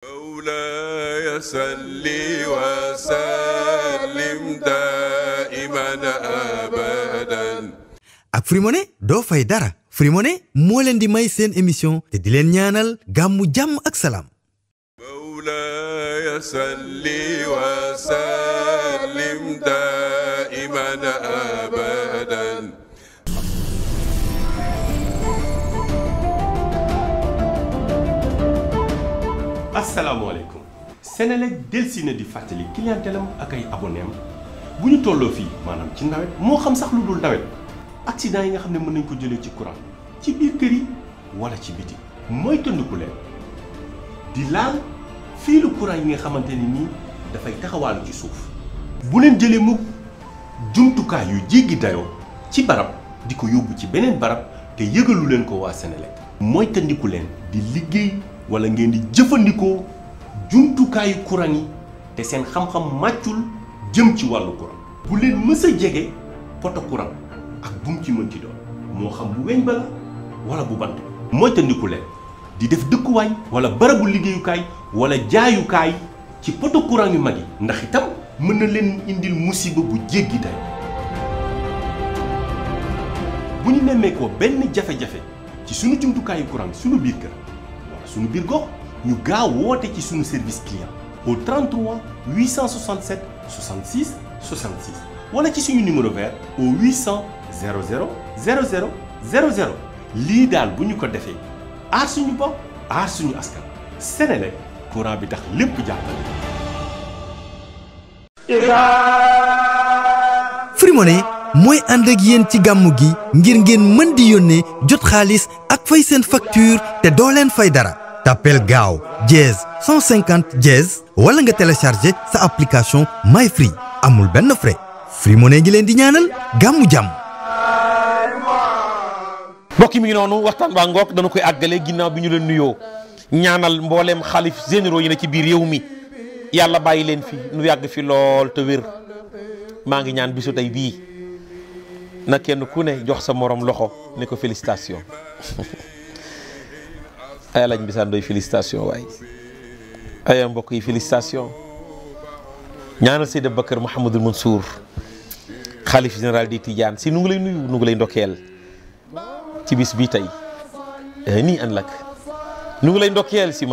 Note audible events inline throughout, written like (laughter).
مولاي صل وسلم دائما ابدا ak Free Money doo fay dara Free Money moo leen di may seen émission te di leen ñaanal gàmmu jàmm ak salaam مولاي صل وسلم دائما ابدا asalaamaaleykum Senelec delsi na di fàttali clientèle ak ay abonné bu ñu tolloo fii maanaam ci nawet moo xam sax lu dul nawet accident yi nga xam ne mën nañ ko jëlee ci courant ci biir kër yi wala ci biti mooy tëndiku leen di laal fii lu courant yi nga xamante ni nii dafay taxawaalu ci suuf bu leen jëlee mu jumtukaay yu jéggi dayoo ci barab di ko yóbbu ci beneen barab te yëgalu leen ko waa Senelec mooy tëndiku leen di liggéey wala ngeen di jëfandikoo jumtukaayu courant yi te seen xam-xam màccul jëm ci wàllu courant bu leen mës jege poto courant ak bu ci mën ci doon moo xam bu weñ ba la wala bu bant moytandiku leen di def dëkkuwaay wala barabu liggéeyukaay wala jaayukaay ci poto courant yu mag yi ndax itam mën na leen indil musiba bu jéggi tay bu ñu nemmee ko benn jafe-jafe ci sunu jumtukaayu courant sunu biir kër suñu biir gox ñu gaaw woote ci suñu service client au 33 867 66 66 wala ci suñu numéro vert au 800 00 00 00 lii daal bu ñu ko defee aar suñu bopp aar suñu askan Senelec courant bi tax lépp jàppale. Free mooy ànd ak yéen ci gàmmu gi ngir ngeen mën di yónnee jot xaalis ak fay seen facture te doo leen fay dara. t'appel gaaw dièse 150 dièse wala nga téléchargé sa application My Free amul benn frais Free Money ngi leen di ñaanal gàmmu jàmm. mbokk mi ngi noonu waxtaan baa ngoog dana koy àggale ginnaaw bi ñu leen nuyoo ñaanal mbooleem xalif généraux yi ne ci biir réew mi yàlla bàyyi leen fi nu yàgg fi lool te wér maa ngi ñaan bisu tey bii na kenn ku ne jox sa moroom loxo ne ko félicitation. (laughs) ay lañ bisaan doy félicitation waay ay mbokk yi félicitation ñaanal Seydi Ababacar Mouhamadul Mansour xalif général di Tidiane si nu ngi lay nuyu nu ngi lay ndokkeel ci bis bii tey eh, nii an lakk ngi lay ndokkeel si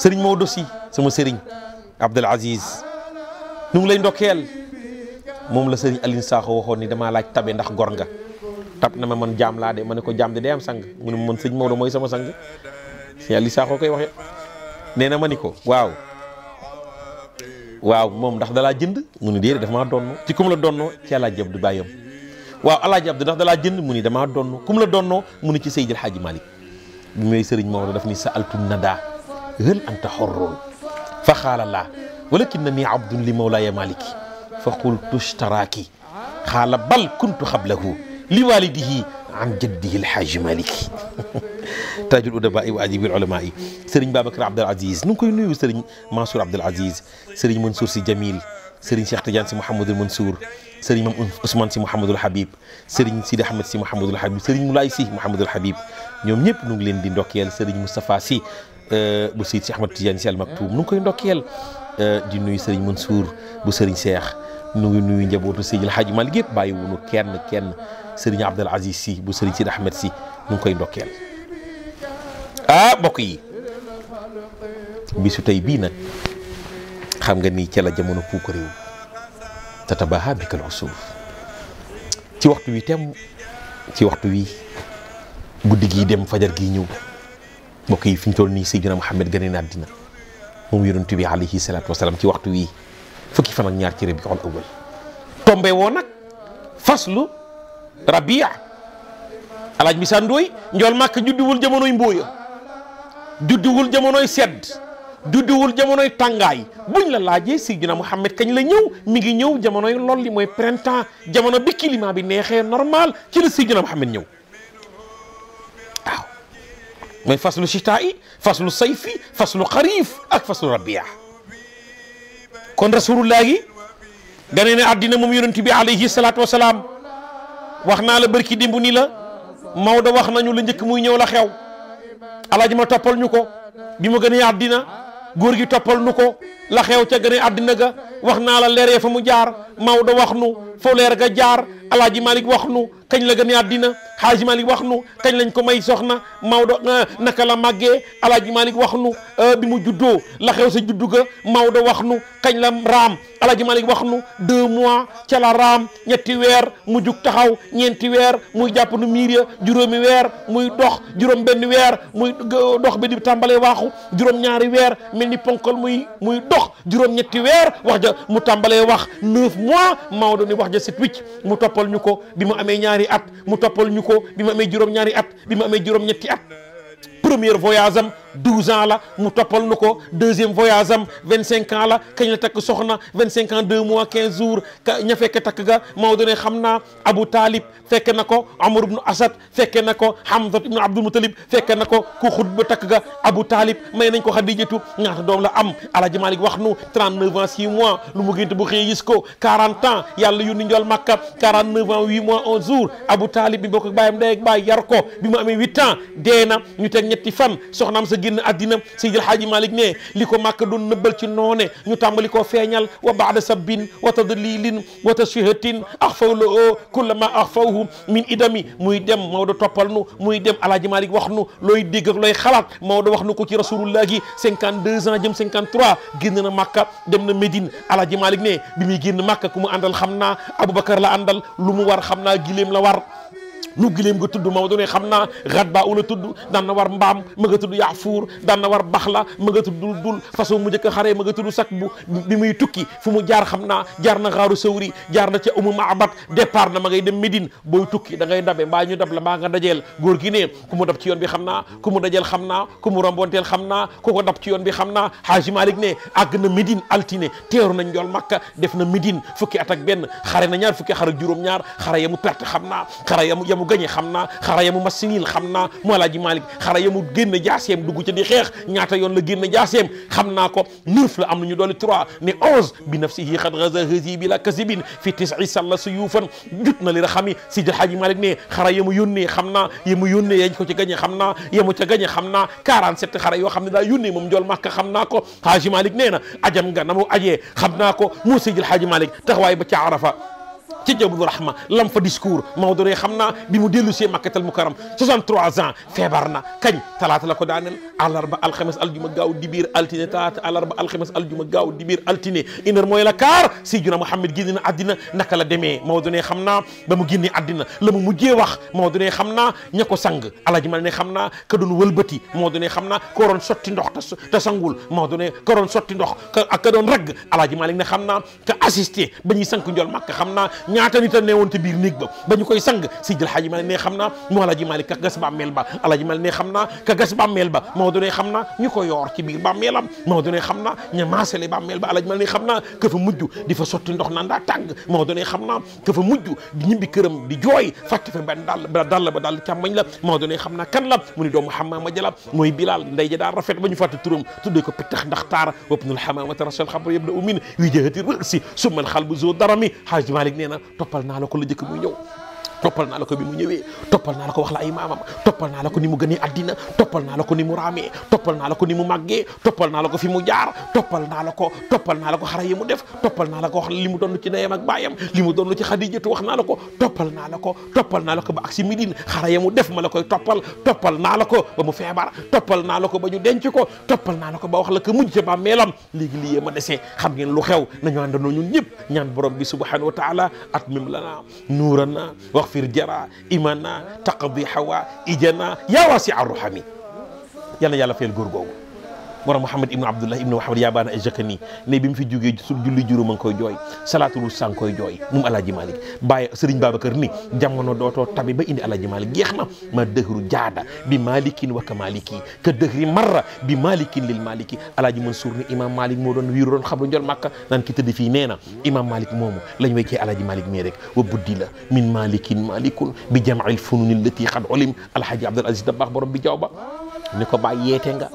sëriñ Maodo si sëriñ Abdoul Aziz nu ngi lay ndokkeel moom la sëriñ Aline Sakho waxoon ni damaa laaj tabe ndax gor nga tab na ma man jaam laa de ma ne ko jaam de day am sang mu ne ma man sëñ Maodo mooy sama sang sëñ Aliou Sakho koy waxee nee na ma ni ko waaw waaw moom ndax dalaa jënd mu ni déedéet dafa maa ci kum la doon ci Alaaji Abdu bàyyam waaw Alaaji Abdu ndax jënd mu ni damaa donno kum la donnoo mu ni ci Seydil Hadji Malick bi mooy sëriñ Maodo daf ni sa altun nada hël anta xorroon fa xaala laa walakin na nii abdun li mawlaaya maliki fa qultu ishtaraaki xaala bal kuntu xablahu li walidihi an jaddihi alhaaji malik taajul udabaai wa adibil ulamaai sëriñ babacar abdul aziz nu ngi koy nuyu sëriñ mansour abdul aziz sëriñ mansour si jamil sëriñ cheikh tidiane si mouhamadul mansour sëriñ mam ousmane si mouhamadul habib sëriñ sidi ahmed si mouhamadul habib sëriñ moulay si mouhamadul habib ñoom ñëpp nu ngi leen di ndokkeel sëriñ moustapha si bu seyid si ahmed tidiane si al maktoum nu ngi koy ndokkeel di nuyu sëriñ mansour bu sëriñ cheikh nu ngi njabootu seydi alhaaji malik yëpp bàyyi wunu kenn kenn sëriñ Abdul Aziz si bu sëriñ Sid Ahmed si mu ngi koy ndokkeel ah mbokk yi su tey bii nag xam nga ni ca la jamono puuk réew tatabaha bikal usuuf ci waxtu wi tem ci waxtu wi guddi gii dem fajar gi ñëw mbokk yi fi ñu toll nii Seydina Muhammad gane na àddina moom yonent bi alayhi salaatu wasalaam ci waxtu wi fukki fan ñaar ci Rabiul Awwal tombe woon nag Rabia alaaj bi sa ndooy njool màkk judduwul jamonoy mbóoya judduwul jamonoy sedd judduwul jamonoy tàngaay buñ la laajee Seydina Muhammad kañ la ñëw mi ngi ñëw jamonoy lool li mooy printemps jamono bi climat bi neexee normal ci la Seydina Muhammad ñëw mooy faslu chitaa faslu sayfi faslu xariif ak faslu rabia kon rasulullah yi ganee ne àddina moom yonent bi alayhi salaatu wasalaam wax naa la bërki dimb nii la Maodo wax nañu la njëkk muy ñëw la xew alaaji ma toppal ñu ko bi ma gën a àddina góor gi toppal nu ko la xew ca gën a àddina ga wax naa la leer ya fa mu jaar Maodo wax nu foo leer ga jaar alaaji Malick wax nu kañ la gën a àddina Xaaji Malik wax nu kañ lañ ko may soxna Maodo naka la màggee Alaaji Malik wax nu euh, bi mu juddoo la xew sa juddu ga Maodo wax nu kañ la raam Alaaji Malik wax nu deux mois ca la raam ñetti weer mu jug taxaw ñeenti weer muy jàpp nu miir ya juróomi weer muy dox juróom benn weer muy dox bi di tàmbalee waaxu juróom ñaari weer mel ni ponkal muy muy dox juróom ñetti weer wax ja mu tàmbalee wax neuf mois Maodo ni wax ja set wicc mu toppal ñu ko bi mu amee ñaari at mu toppal ñu ko bi mu amee juróom-ñaari at bi mu amee juróom-ñetti at première voyage 12 ans la mu toppal nu ko deuxième voyage am 25 ans la kañ la takk soxna 25 ans 2 mois 15 jours ña fekk takk ga Maodo ne xam naa Abu Talib fekk na ko Amr ibn Asad fekk na ko Hamza na ko ku xut ba takk ga Abu Talib may nañ ko Xadijatu ñaata doom la am Alaaji Malik wax nu 39 ans 6 mois lu mu gént bu xëy gis ko 40 ans yàlla yónni njool Makka 49 ans 8 mois 11 jours Abu Talib bi bokk baay mu dee na génn àddina Seydil Haaji Malick ne li ko makka doon nëbbal ci noone ñu tàmbali koo feeñal wa baada sabbin wa tadlilin wa tashihatin axfaw la ma kullama axfawhu min idami muy dem Maodo toppal nu muy dem alhaji Malick wax nu looy dégg ak looy xalaat Maodo wax nu ko ci rasulullah gi cinquante deux ans jëm cinquante trois génn na màkka dem na Médine Alaaji Malick ne bi muy génn màkka ku mu àndal xam naa Aboubacar la àndal lu mu war xam naa gileem la war nu gileem nga tudd Maodo ne xam naa rat baa ula tudd daan na war mbaam ma nga tudd yaafuur daan na war baxla ma tudd dul façon mu njëkk ma nga tudd sak bu bi jaar xam naa jaar na xaaru sawri jaar na ca umu maabat départ na ma dem Médine booy tukki da ngay dabe mbaa ñu dab la mbaa nga dajeel góor gi ne ku mu ci yoon bi xam naa ku mu dajeel xam ku mu xam naa ku ko yoon bi xam naa Haaji Malik ne àgg na Médine altine teeru na njool Makka def na Médine fukki at benn xare na ñaar fukki xar ak juróom ñaar xare yamu perte xam naa xare yamu yamu gañe xam naa xara yamu masinil xam naa mu alaaji Malick xara yamu génn jaaseem dugg ca di xeex ñaata yoon la génn jaaseem xam naa ko neuf la am nañu doole trois ne onze bi nafsihi xad gaza hasi bi la kasibin fi tisi na li ra xami Sidi Haaji Malick ne xara yamu yónnee xam naa yamu yónnee yañ ko xam naa yamu ca gañe xam naa quarante-sept xara yoo xam ne daa yónnee moom njool màkka xam naa ko Haaji Malick nee na ajam nga na mu ajee xam naa ko mu Sidi Haaji Malick taxawaay ba ca Arafa ci Jabul Rahma lam fa discours Maodo e xam naa bi mu dellu see Makkatal Mukarram 63 ans feebar na kañ talaata la ko daaneel àllarba alxames aljuma gaaw biir altine talaata àllarba alxames aljuma gaaw dibir altine une heure mooy la kaar Seydina Mouhamed génn na àddina naka la demee Maodo e xam naa ba mu génnee àddina la mu mujjee wax Maodo e xam naa ña ko sang alaji ma ne xam naa ka doon wëlbati Maodo e xam naa ko waroon sotti ndox te sangul Maodo ne ko waroon sotti ndox ak ka doon ragg ma ne xam naa ka assisté ba ñuy xam naa ñaata nit a ne woon ci biir néeg ba ba ñu koy sang Seydi El Hadji Malick ne xam naa mu Alaaji Malick ka gas bàmmeel ba Alaaji xam naa ka gas ba Maodo ne xam naa ko yoor ci biir bàmmeelam Maodo ne xam naa ña maasale bàmmeel ba Alaaji Malick ne xam naa ka fa mujj di fa sotti ndox naan daa tàng Maodo xam naa ka fa mujj di ñibbi këram di jooy fàtte fa benn dàll ba dàll ba dàll càmmañ la Maodo ne xam naa kan la mu ni doomu ma jala mooy Bilal nday ja daa rafet ba ñu fàtte turam tuddee ko pittax ndax taara wapnul xamaamata xabar yëpp da umin wi jëhati rësi summal xal bu zoo darami Haaj Malick nee na toppal na la ko la jëkk muy ñëw toppal naa la ko bi mu ñëwee toppal naa la ko wax la naa la ko ni mu gënee addina toppal naa la ko ni mu raamee toppal naa la ko ni mu màggee toppal naa la ko fi mu jaar toppal naa la ko toppal naa la ko xara yi mu def toppal naa li mu doon ci ndeyam ak baayam ko toppal naa la ko toppal naa la ko ba ak si midin xara ya mu def ma la koy toppal toppal naa la ko ba mu feebar toppal naa la ko ba ñu denc ko toppal naa la ko ba wax la ko mujj ca bàmmeelam léegi li yee ma desee xam ngeen lu xew nañu àndandoo ñun ñëpp ñaan borom bi subhanahu wa taala at mim lana nuurana wax اغفر جرا imana taqdi hawa ijana yaa waasi arruhami yal na yàlla fayal góor googu moo tax Mouhamed ibnu Abdullah ibnu Wahab yaabaana ajakani ne bi mu fi jógee su julli juróom a ngi koy jooy salaatul wusta ngi koy jooy moom Alaaji Malick Baye Sëriñ Babacar ni jamono dootoo tabi ba indi Alaaji Malick jeex na ma dëhru jaada bi malikin wa ka maliki ka dëhri marra bi malikin lil maliki Alaaji Mansour ni Imam Malick moo doon wiiru doon xabru njol Makka naan ki tëdd fii nee na Imam Malick moomu lañ weccee Alaaji Malick mii rek wa buddi la min malikin malikun bi jam'il fununi allati qad ulim Alhaji Abdul Aziz Dabakh borom bi jaw ba ni ko bàyyi yeete nga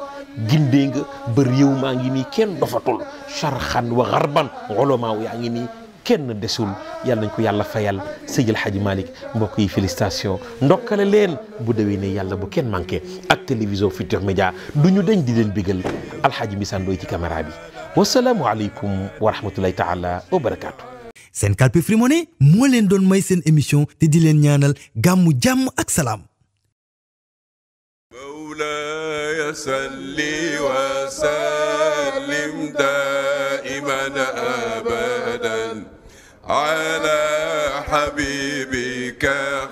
gindee nga ba maa ngi nii kenn dofatul charxan wa xarban ulama yaa ngi nii kenn desul yàlla nañ ko yàlla fayal Seydil Hadji Malick mbokk yi félicitation ndokkale leen bu dewee ne yàlla bu kenn manqué ak télévision Futurs média du ñu deñ di leen bégal alxaaji Misaan Ndoy ci kamera bi wasalaamu aleykum wa rahmatullahi taala wa barakaatu. seen kalpe Free Money moo leen doon may seen émission te di leen ñaanal gàmmu jàmm ak salaam. وسل وسلم دائما أبدا على حبيبك